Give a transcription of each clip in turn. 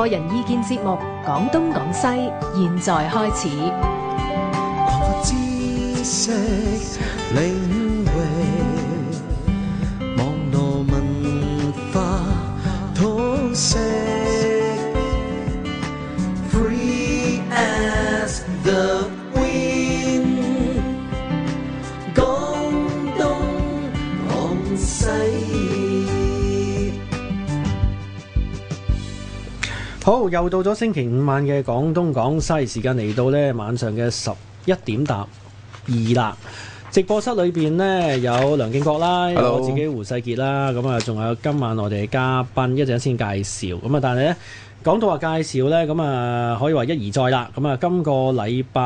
個人意見節目，講東講西，現在開始 好，又到咗星期五晚嘅廣東廣西時間嚟到呢，晚上嘅十一點搭二啦。直播室裏邊呢，有梁敬國啦，Hello. 有我自己胡世傑啦，咁啊仲有今晚我哋嘅嘉賓，一陣先介紹。咁、嗯、啊，但係呢講到話介紹呢，咁、嗯、啊可以話一而再啦。咁、嗯、啊，今個禮拜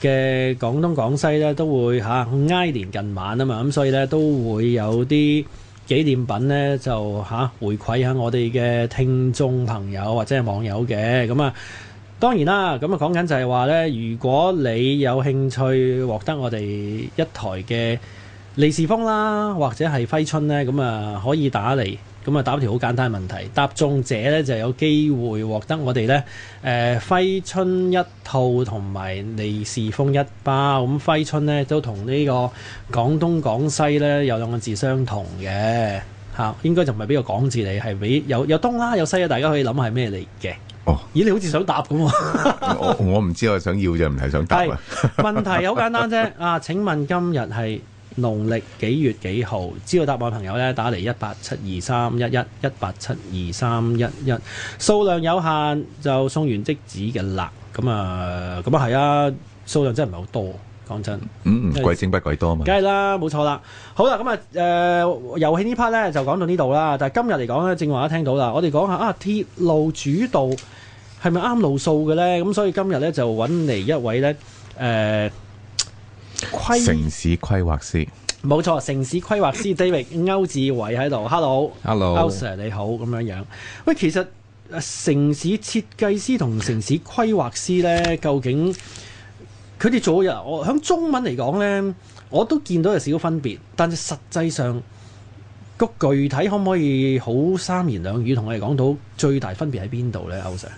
嘅廣東廣西呢，都會嚇挨、啊、年近晚啊嘛，咁所以呢，都會有啲。紀念品呢，就嚇、啊、回饋下我哋嘅聽眾朋友或者係網友嘅。咁啊，當然啦，咁啊講緊就係話呢，如果你有興趣獲得我哋一台嘅利是封啦，或者係揮春呢，咁啊可以打嚟。咁啊，答條好簡單嘅問題，答中者咧就有機會獲得我哋咧誒揮春一套同埋利是封一包。咁、嗯、揮春咧都同呢個廣東廣西咧有兩個字相同嘅嚇、啊，應該就唔係俾個廣字你，係俾有有東啦、啊、有西啊，大家可以諗係咩嚟嘅？哦，咦你好似想答咁喎？我唔知我想要就唔係想答。 問題好簡單啫。啊，請問今日係？農曆幾月幾號？知道答案嘅朋友呢，打嚟一八七二三一一一八七二三一一，數量有限就送完即止嘅啦。咁啊，咁啊係啊，數量真係唔係好多，講真嗯。嗯，貴精不貴多嘛。梗係啦，冇錯啦。好啦，咁啊，誒，遊戲呢 part 呢就講到呢度啦。但今日嚟講呢，正話都聽到啦。我哋講下啊，鐵路主導係咪啱路數嘅呢？咁所以今日呢，就揾嚟一位呢。誒、呃。城市規劃師，冇錯，城市規劃師 David 歐 志偉喺度，Hello，Hello，歐 sir 你好，咁樣樣。喂，其實城市設計師同城市規劃師呢，究竟佢哋做日我響中文嚟講呢，我都見到有少少分別，但係實際上個具體可唔可以好三言兩語同我哋講到最大分別喺邊度呢？歐 sir？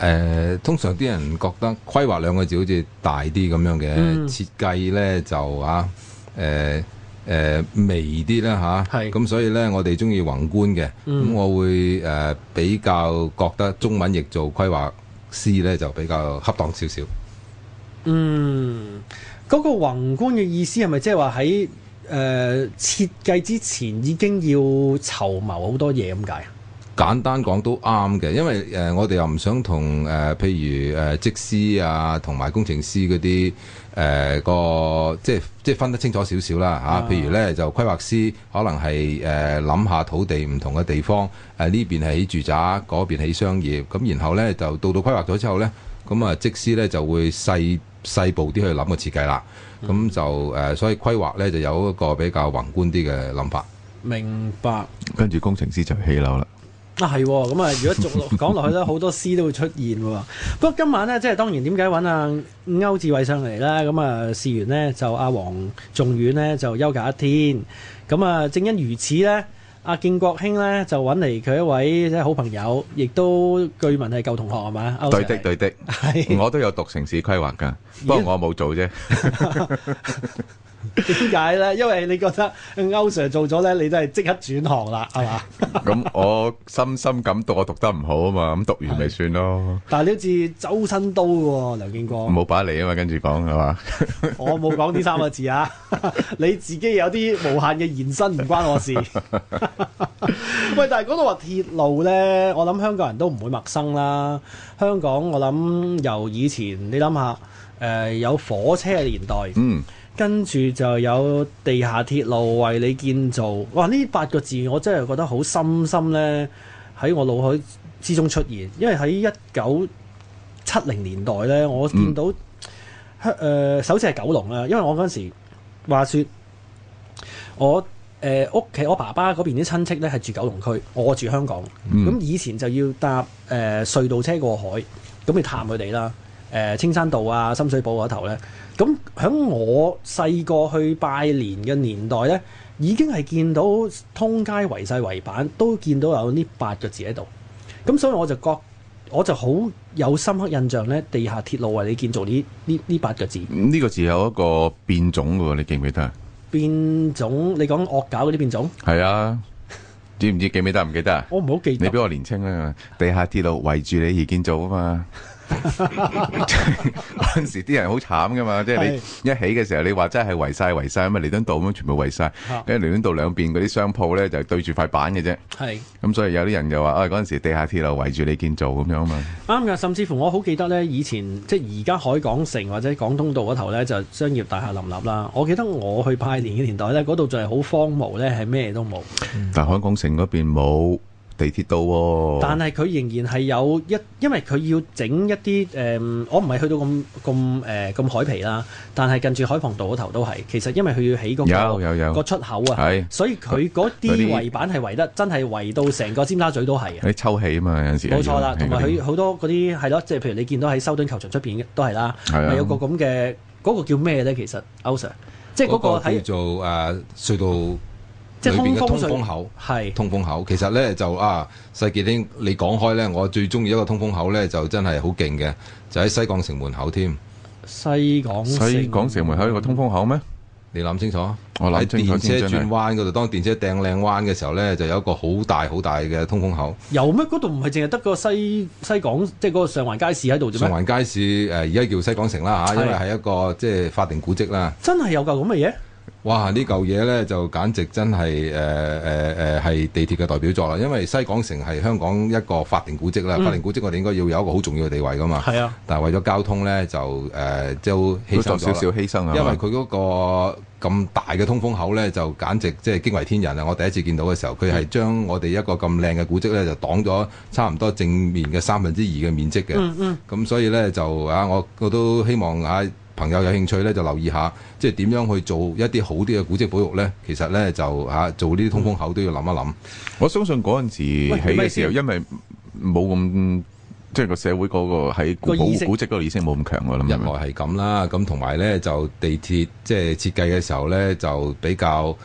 誒、呃，通常啲人覺得規劃兩個字好似大啲咁樣嘅設計呢，就啊，誒、呃、誒、呃、微啲啦吓，咁係，所以呢，我哋中意宏觀嘅。咁、嗯、我會誒、呃、比較覺得中文譯做規劃師呢，就比較恰當少少。嗯，嗰、那個宏觀嘅意思係咪即係話喺誒設計之前已經要籌謀好多嘢咁解？簡單講都啱嘅，因為誒、呃，我哋又唔想同誒、呃，譬如誒、呃，則師啊，同埋工程師嗰啲誒個即係即係分得清楚少少啦嚇。譬如呢，就規劃師可能係誒諗下土地唔同嘅地方誒，呢、呃、邊係起住宅，嗰邊起商業咁，然後呢，就到到規劃咗之後呢，咁啊，則師呢就會細細步啲去諗個設計啦。咁、嗯、就誒、呃，所以規劃呢就有一個比較宏觀啲嘅諗法，明白。跟住工程師就起樓啦。啊，係咁啊！如果逐講落去咧，好多詩都會出現。不過今晚咧，即係當然，點解揾阿區志偉上嚟咧？咁啊，事緣咧就阿黃仲遠咧就休假一天。咁啊，正因如此咧，阿敬國兄咧就揾嚟佢一位即係好朋友，亦都據聞係舊同學係嘛？對的對的，我都有讀城市規劃噶，不過我冇做啫。點解咧？因為你覺得歐 sir 做咗咧，你真係即刻轉行啦，係嘛？咁我深深感到我讀得唔好啊嘛，咁讀完咪算咯。但係你好似周身刀嘅喎，梁敬國。冇擺你啊嘛，跟住講係嘛？我冇講呢三個字啊！ 你自己有啲無限嘅延伸，唔關我事。喂， 但係講到話鐵路咧，我諗香港人都唔會陌生啦。香港我諗由以前你諗下，誒、呃、有火車嘅年代，嗯。跟住就有地下鐵路為你建造。哇！呢八個字我真係覺得好深深呢，喺我腦海之中出現。因為喺一九七零年代呢，我見到香、嗯呃、首先係九龍啊。因為我嗰陣時話説，我誒屋企我爸爸嗰邊啲親戚呢，係住九龍區，我住香港。咁、嗯、以前就要搭誒隧道車過海，咁去探佢哋啦。誒、呃、青山道啊，深水埗嗰頭呢，咁喺我細個去拜年嘅年代呢，已經係見到通街圍曬圍板，都見到有呢八個字喺度。咁所以我就覺得我就好有深刻印象呢，地下鐵路為、啊、你建造呢呢呢八個字。呢、這個字有一個變種嘅喎，你記唔記得？變種？你講惡搞嗰啲變種？係啊，知唔知記唔記？記得？唔 記得啊？我唔好記。你比我年青啊！地下鐵路圍住你而建造啊嘛～嗰 陣 時啲人好慘噶嘛，即係你一起嘅時候，你話真係圍晒圍晒，咁啊彌敦道咁樣全部圍晒，因為彌敦道兩邊嗰啲商鋪咧就係、對住塊板嘅啫。係，咁、嗯、所以有啲人就話，啊嗰陣時地下鐵路圍住你建造咁樣啊嘛。啱嘅，甚至乎我好記得咧，以前即係而家海港城或者廣東道嗰頭咧就商業大廈林立啦。我記得我去拜年嘅年代咧，嗰度就係好荒蕪咧，係咩都冇、嗯。但海港城嗰邊冇。地鐵道喎、哦，但係佢仍然係有一，因為佢要整一啲誒、呃，我唔係去到咁咁誒咁海皮啦。但係近住海傍道嗰頭都係，其實因為佢要起嗰、嗰個個出口啊，所以佢嗰啲圍板係圍得真係圍到成個尖沙咀都係啊！你抽起啊嘛，有陣時冇錯啦，同埋佢好多嗰啲係咯，即係譬如你見到喺修頓球場出邊都係啦，係有個咁嘅嗰個叫咩咧？其實區 Sir，即係嗰個係、嗰個、做誒、啊、隧道。即係裏邊嘅通風口，係通風口。其實咧就啊，世傑兄你講開咧，我最中意一個通風口咧，就真係好勁嘅，就喺西港城門口添。西港城西港城門口一個通風口咩？你諗清楚啊！喺電車轉彎嗰度，當電車掟靚彎嘅時候咧，就有一個好大好大嘅通風口。有咩？嗰度唔係淨係得個西西港，即係嗰個上環街市喺度啫咩？上環街市而家、呃、叫西港城啦吓因為係一個即係、就係、法定古蹟啦。真係有嚿咁嘅嘢？哇！呢嚿嘢呢就簡直真係誒誒誒係地鐵嘅代表作啦，因為西港城係香港一個法定古蹟啦，法定古蹟我哋應該要有一個好重要嘅地位噶嘛。係啊，但係為咗交通呢，就、呃、就即係犧牲少少犧牲啊。因為佢嗰個咁大嘅通風口呢，就簡直即係驚為天人啊！我第一次見到嘅時候，佢係將我哋一個咁靚嘅古蹟呢，就擋咗差唔多正面嘅三分之二嘅面積嘅。嗯咁、嗯嗯、所以呢，就啊，我我都希望啊。朋友有興趣咧，就留意下，即係點樣去做一啲好啲嘅古蹟保育咧？其實咧就嚇、啊、做呢啲通風口都要諗一諗、嗯。我相信嗰陣時起嘅時候，麼因為冇咁即係個社會嗰個喺古古蹟嗰度意識冇咁強，我、嗯、諗。人外係咁啦，咁同埋咧就地鐵即係設計嘅時候咧就比較。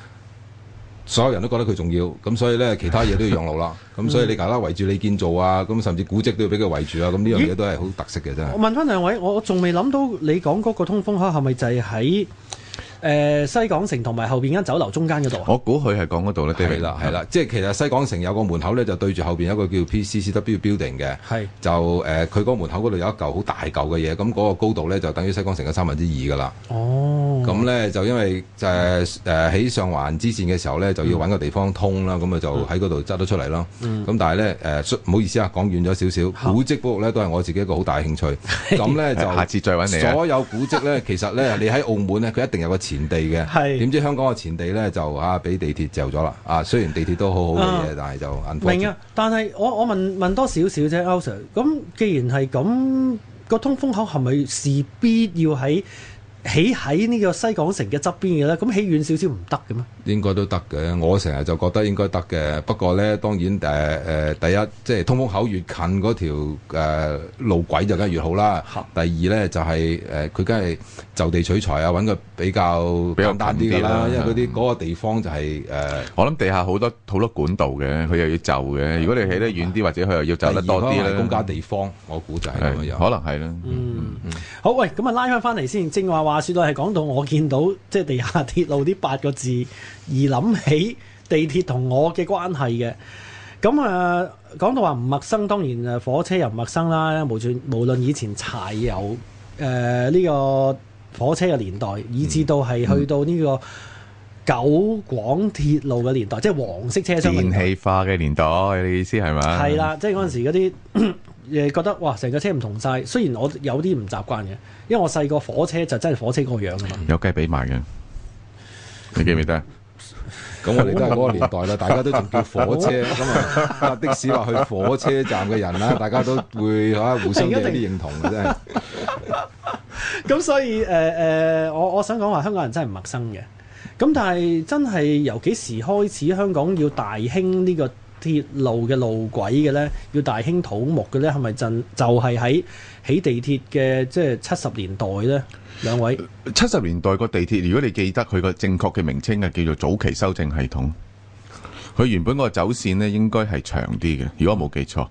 所有人都覺得佢重要，咁所以咧其他嘢都要讓路啦。咁 所以你大家圍住你建造啊，咁甚至古蹟都要俾佢圍住啊。咁呢樣嘢都係好特色嘅，真係。我問翻兩位，我仲未諗到你講嗰個通風口係咪就係喺？誒西港城同埋後邊間酒樓中間嗰度啊，我估佢係講嗰度啦，係啦，係啦，即係其實西港城有個門口咧，就對住後邊有一個叫 PCCW Building 嘅，係就誒佢嗰個門口嗰度有一嚿好大嚿嘅嘢，咁嗰個高度咧就等於西港城嘅三分之二㗎啦，哦，咁咧就因為誒誒喺上環支線嘅時候咧，就要揾個地方通啦，咁啊就喺嗰度執得出嚟啦，嗯，咁、嗯、但係咧誒唔好意思啊，講遠咗少少，古蹟嗰度咧都係我自己一個好大興趣，咁 咧就下次再揾你、啊，所有古蹟咧其實咧你喺澳門咧佢一定有個 前地嘅，點知香港嘅前地咧就嚇俾、啊、地鐵就咗啦啊！雖然地鐵都好好嘅嘢、嗯，但係就眼瞓。明啊！但係我我問問多少少啫，區 Sir 咁既然係咁，個通風口係咪事必要喺？起喺呢個西港城嘅側邊嘅咧，咁起遠少少唔得嘅咩？應該都得嘅，我成日就覺得應該得嘅。不過咧，當然、呃、第一即係通風口越近嗰條、呃、路軌就梗係越好啦、嗯。第二咧就係佢梗係就地取材啊，搵個比較簡單比較近啲㗎啦。因為佢啲嗰個地方就係、是、誒、呃。我諗地下好多好多管道嘅，佢又要就嘅、嗯。如果你起得遠啲，或者佢又要走得多啲咧，嗯、公家地方、嗯、我估就係咁樣可能係啦。嗯嗯好喂，咁啊拉翻翻嚟先，正話話話説到，係講到我見到即係地下鐵路呢八個字，而諗起地鐵同我嘅關係嘅。咁啊講到話唔陌生，當然啊火車又唔陌生啦。無盡無論以前柴油誒呢、呃呢個火車嘅年代，以至到係去到呢個九廣鐵路嘅年代，嗯、即係黃色車廂電氣化嘅年代，嗯、你意思係咪？係啦，即係嗰陣時嗰啲。誒覺得哇，成個車唔同晒？雖然我有啲唔習慣嘅，因為我細個火車就真係火車嗰個樣嘛。有雞髀賣嘅，你記唔記得？咁 我哋都係嗰個年代啦， 大家都仲叫火車咁啊！ 的士話去火車站嘅人啦，大家都會嚇、啊、 互相有啲認同嘅啫。咁 所以誒誒、呃，我我想講話香港人真係唔陌生嘅。咁但係真係由幾時開始，香港要大興呢、這個？鐵路嘅路軌嘅呢，要大興土木嘅呢，係咪就係喺、就是、起地鐵嘅即係七十年代呢，兩位七十年代個地鐵，如果你記得佢個正確嘅名稱係叫做早期修正系統，佢原本個走線呢，應該係長啲嘅，如果我冇記錯。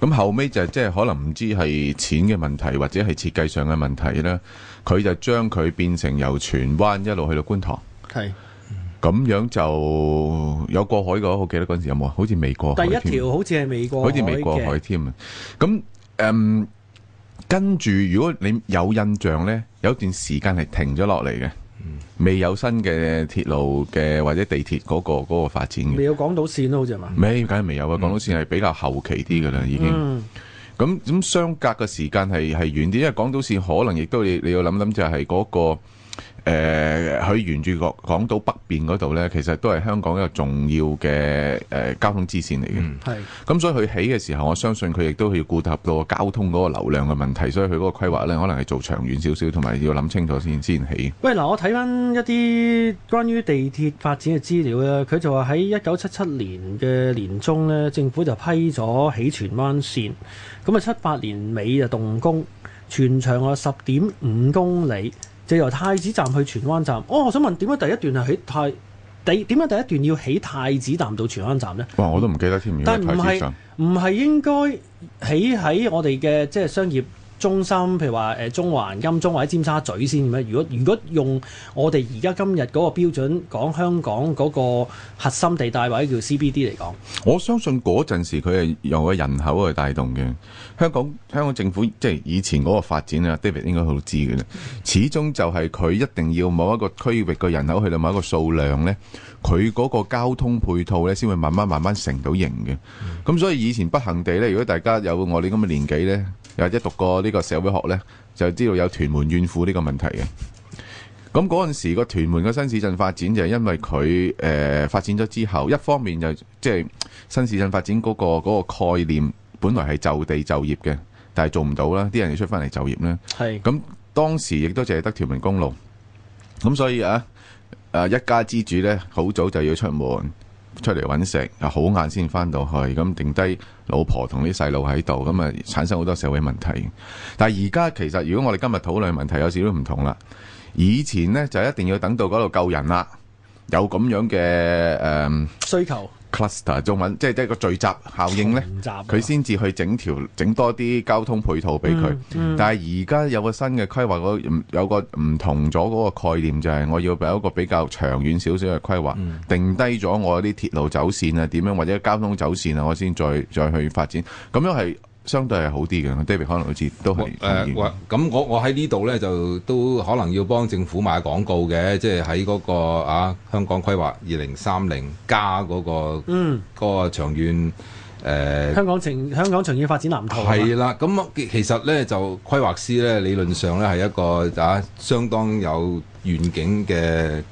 咁後尾就即係、就是、可能唔知係錢嘅問題，或者係設計上嘅問題呢，佢就將佢變成由荃灣一路去到觀塘。係。咁樣就有過海嘅話，我記得嗰陣時有冇？好似未過海。第一條好似係未過海。好似未過海添。咁，嗯，跟住如果你有印象呢，有段時間係停咗落嚟嘅，未有新嘅鐵路嘅或者地鐵嗰個嗰個發展嘅。未有港島線咯，好似係嘛？未，梗係未有啊！港島線係比較後期啲嘅啦，已經。咁、嗯、咁相隔嘅時間係係遠啲，因為港島線可能亦都你你要諗諗，就係嗰個。誒、呃，佢沿住港島北邊嗰度呢，其實都係香港一個重要嘅、呃、交通支線嚟嘅。嗯，係。咁所以佢起嘅時候，我相信佢亦都要顧及到交通嗰個流量嘅問題，所以佢嗰個規劃呢，可能係做長遠少少，同埋要諗清楚先先起。喂，嗱、呃，我睇翻一啲關於地鐵發展嘅資料咧，佢就話喺一九七七年嘅年中呢，政府就批咗起荃灣線，咁啊七八年尾就動工，全長啊十點五公里。就由太子站去荃灣站，我、哦、我想問點解第一段係起太第點解第一段要起太子站到荃灣站呢？哇！我都唔記得添。但唔係，唔係應該起喺我哋嘅即係商業中心，譬如話誒、中環、金鐘或者尖沙咀先，咁樣。如果，如果用我哋而家今日嗰個標準講香港嗰個核心地帶，或者叫 CBD 嚟講，我相信嗰陣時佢係由嘅人口去帶動嘅。香港香港政府即係以前嗰個發展啊，David 應該好知嘅。始終就係佢一定要某一個區域嘅人口去到某一個數量呢，佢嗰個交通配套呢先會慢慢慢慢成到型嘅。咁所以以前不幸地呢，如果大家有我哋咁嘅年紀呢，又或者讀過呢個社會學呢，就知道有屯門怨婦呢個問題嘅。咁嗰陣時個屯門個新市鎮發展就係因為佢誒、呃、發展咗之後，一方面就即係、就是、新市鎮發展嗰、那個嗰、那個概念。本來係就地就業嘅，但係做唔到啦，啲人要出翻嚟就業呢，咁當時亦都淨係得條明公路，咁所以啊，誒一家之主呢，好早就要出門出嚟揾食，好晏先翻到去，咁定低老婆同啲細路喺度，咁啊產生好多社會問題。但係而家其實如果我哋今日討論問題，有少少唔同啦。以前呢，就一定要等到嗰度救人啦，有咁樣嘅誒、呃、需求。Cluster 中文即係即係個聚集效應咧，佢先至去整條整多啲交通配套俾佢、嗯嗯。但係而家有個新嘅規劃，有個唔同咗嗰個概念，就係、是、我要俾一個比較長遠少少嘅規劃，定低咗我啲鐵路走線啊，點樣或者交通走線啊，我先再再去發展。咁樣係。相對係好啲嘅，David 可能好似都係。咁我、呃、我喺呢度呢，就都可能要幫政府買廣告嘅，即係喺嗰個啊香港規劃二零三零加嗰個，嗯，嗰、嗰個長遠、呃、香港情香港長遠發展藍圖。係啦，咁其實呢，就規劃師呢，理論上呢，係一個啊相當有遠景嘅。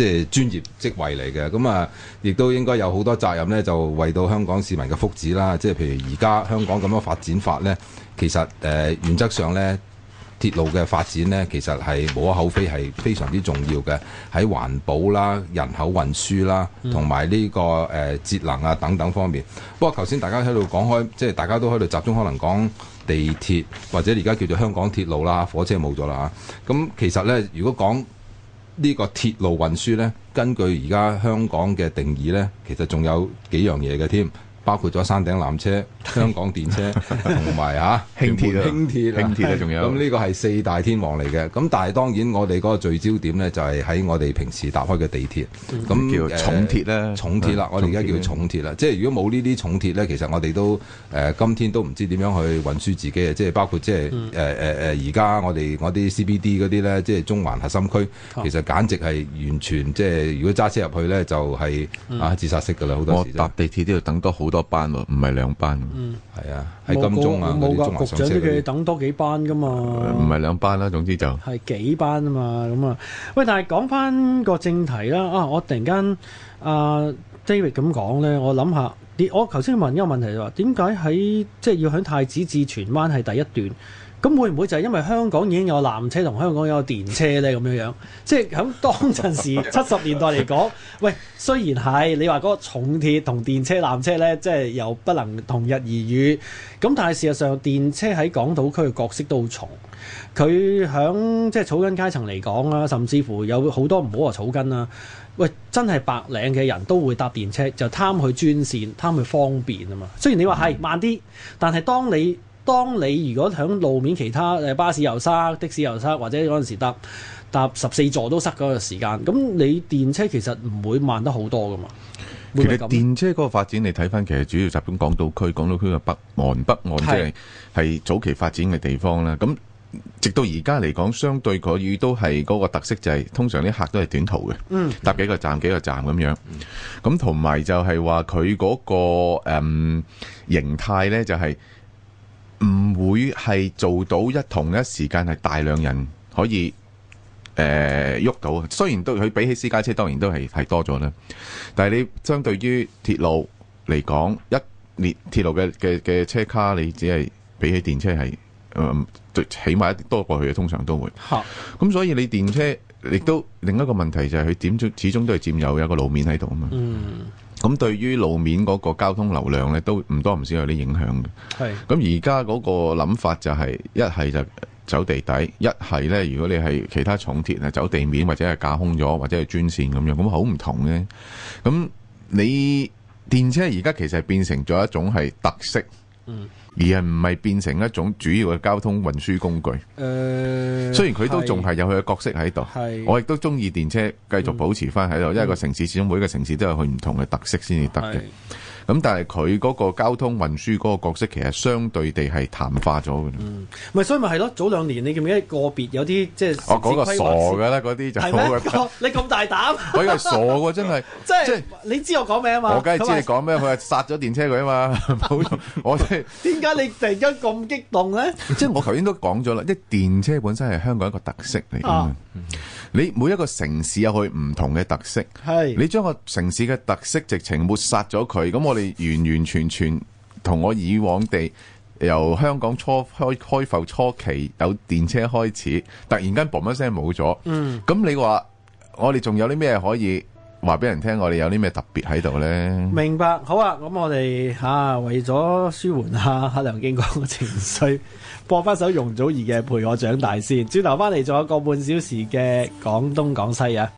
即係專業職位嚟嘅，咁啊，亦都應該有好多責任呢，就為到香港市民嘅福祉啦。即係譬如而家香港咁樣發展法呢，其實、呃、原則上呢，鐵路嘅發展呢，其實係無可厚非，係非常之重要嘅。喺環保啦、人口運輸啦，同埋呢個誒、呃、節能啊等等方面。不過頭先大家喺度講開，即係大家都喺度集中，可能講地鐵或者而家叫做香港鐵路啦，火車冇咗啦。咁其實呢，如果講這個、鐵路運輸呢個鐵路運輸呢，根據而家香港嘅定義呢，其實仲有幾樣嘢嘅添。包括咗山頂纜車、香港電車同埋啊輕鐵、啊輕鐵啊、輕鐵、啊、輕鐵仲有，咁呢個係四大天王嚟嘅。咁但係當然，我哋嗰個聚焦點呢就係喺我哋平時搭開嘅地鐵。咁、嗯嗯嗯、叫重鐵咧、呃，重鐵啦！我哋而家叫重鐵啦。即係如果冇呢啲重鐵咧，其實我哋都誒、呃，今天都唔知點樣去運輸自己嘅。即係包括即係誒誒誒，而、嗯、家、呃、我哋嗰啲 C B D 嗰啲咧，即係中環核心區，其實簡直係完全即係，如果揸車入去咧、就係，就、嗯、係啊自殺式噶啦！好多時搭地鐵都要等多好多。班唔係兩班。嗯，係啊，喺金鐘啊，冇局長都要等多幾班噶嘛。唔、呃、係兩班啦、啊，總之就係幾班啊嘛。咁啊，喂，但係講翻個正題啦。啊，我突然間阿、啊、David 咁講咧，我諗下，我頭先問一個問題為什麼就話點解喺即係要喺太子至荃灣係第一段？咁會唔會就係因為香港已經有纜車同香港有電車呢？咁樣樣？即係喺當陣時七十年代嚟講，喂，雖然係你話嗰個重鐵同電車纜車呢，即係又不能同日而語。咁但係事實上，電車喺港島區嘅角色都好重。佢響即係草根階層嚟講啦，甚至乎有好多唔好話草根啦，喂，真係白領嘅人都會搭電車，就貪佢專線、貪佢方便啊嘛。雖然你話係慢啲、嗯，但係當你當你如果喺路面其他巴士又塞、的士又塞，或者嗰陣時搭搭十四座都塞嗰個時間，咁你電車其實唔會慢得好多噶嘛。其實電車嗰個發展你看看，你睇翻其實主要集中港島區、港島區嘅北岸、北岸即係係早期發展嘅地方喇。咁直到而家嚟講，相對佢都係嗰個特色就係、是、通常啲客都係短途嘅，搭、嗯、幾個站、幾個站咁樣。咁同埋就係話佢嗰個、嗯、形態呢就係、是。唔會係做到一同一時間係大量人可以誒喐、呃、到雖然都佢比起私家車當然都係係多咗啦，但係你相對於鐵路嚟講，一列鐵路嘅嘅嘅車卡，你只係比起電車係誒、嗯，起碼多過去，通常都會。咁所以你電車亦都另一個問題就係佢點始終都係佔有有一個路面喺度啊嘛。嗯。咁對於路面嗰個交通流量呢，都唔多唔少有啲影響嘅。咁而家嗰個諗法就係、係、一係就走地底，一係呢，如果你係其他重鐵啊走地面或者係架空咗或者係專線咁樣，咁好唔同嘅。咁你電車而家其實變成咗一種係特色。嗯。而係唔係變成一種主要嘅交通運輸工具？誒、呃，雖然佢都仲係有佢嘅角色喺度，我亦都中意電車，繼續保持翻喺度，因、嗯、為個城市始終每一個城市都有佢唔同嘅特色先至得嘅。咁、嗯、但係佢嗰個交通運輸嗰個角色其實相對地係淡化咗嘅。嗯，咪所以咪係咯，早兩年你記唔記，個別有啲即係我嗰、嗰個傻嘅啦，嗰啲就係、那個、你咁大膽？嗰個傻嘅真係，即 係你知我講咩啊嘛？我梗係知你講咩，佢話殺咗電車佢啊嘛，冇 錯。我即係點解你突然間咁激動咧？即 係我頭先都講咗啦，即係電車本身係香港一個特色嚟嘅。啊你每一個城市有佢唔同嘅特色，係，你將個城市嘅特色直情抹殺咗佢，咁我哋完完全全同我以往地由香港初開開埠初期有電車開始，突然間嘣一聲冇咗，咁、嗯、你話我哋仲有啲咩可以？話俾人聽，我哋有啲咩特別喺度呢？明白，好啊！咁我哋吓、啊、為咗舒緩下梁敬國嘅情緒，播翻首容祖兒嘅《陪我長大》先。轉頭翻嚟，仲有一個半小時嘅廣東廣西啊！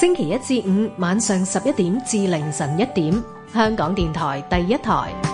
星期一至五晚上十一點至凌晨一點，香港電台第一台。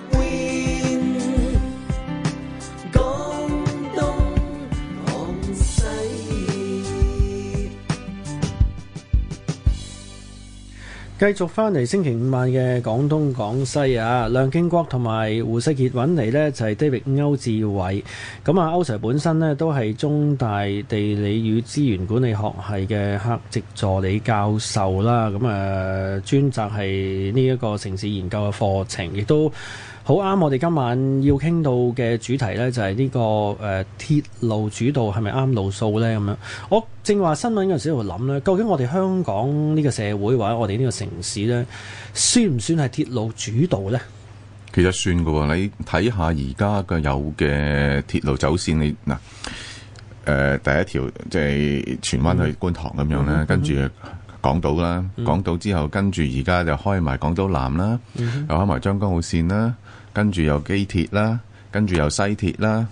繼續翻嚟星期五晚嘅廣東廣西啊，梁敬國同埋胡世傑揾嚟呢，就係、是、David 區志偉，咁啊區 Sir 本身呢，都係中大地理與資源管理學系嘅客席助理教授啦，咁啊專責係呢一個城市研究嘅課程，亦都。好啱！我哋今晚要傾到嘅主題呢、這個，就係呢個誒鐵路主導係咪啱路數呢？咁樣我正話新聞嗰陣時，我諗呢，究竟我哋香港呢個社會或者我哋呢個城市呢，算唔算係鐵路主導呢？其實算㗎喎，你睇下而家嘅有嘅鐵路走線，你嗱誒、呃、第一條即係、就是、荃灣去觀塘咁樣呢、嗯，跟住港島啦、嗯，港島之後跟住而家就開埋港島南啦、嗯，又開埋將軍澳線啦。跟住又機鐵啦，跟住又西鐵啦，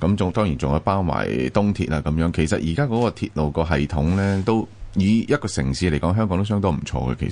咁仲當然仲有包埋東鐵啦，咁樣其實而家嗰個鐵路個系統咧，都以一個城市嚟講香港都相當唔錯嘅其實。